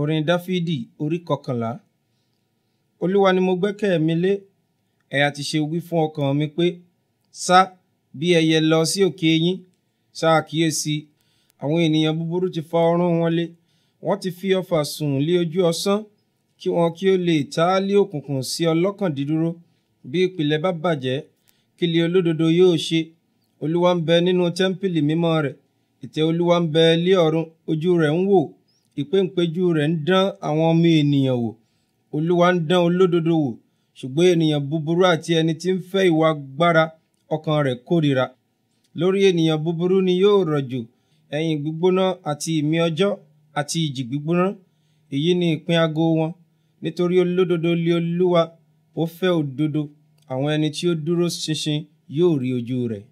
orin dáfídì orí kọkànlá olúwa ni mo gbẹ́kẹ̀ mi lé ẹ̀yà ti ṣe wí fún ọkàn mi pé sá bí ẹyẹ lọ sí òkè yín ṣàkíyèsí àwọn ènìyàn búburú ti fa ọrún wọn lé wọ́n ti fi ọfà sùn lé ojú ọsán kí wọn kí ó lè taálé òkùnkùn sí ọlọ́kàn dídúró bí ìpìlẹ̀ bá bàjẹ́ kí lè olódodo yóò ṣe olúwa ń bẹ nínú tẹ́ḿpìlì mímọ́ rẹ̀ ìtẹ́ olúwa ń bẹ lé ọ̀run ojú rẹ̀ ń wò ìpéǹpéjú rẹ̀ ń dán àwọn ọmọ ènìyàn wò olúwa ń dán olódodo wò ṣùgbọ́n ènìyàn búburú àti ẹni tí ń fẹ́ ìwà agbára ọkàn rẹ̀ kórìíra lórí ènìyàn búburú ni yóò rọ̀jò ẹ̀yìn gbígbóná àti ìmí ọjọ́ àti ìjì gbígbóná èyí ni ìpín ago wọn nítorí olódodo lé olúwa ó fẹ́ òdodo àwọn ẹni tí ó dúró ṣinṣin yóò rí ojú rẹ̀.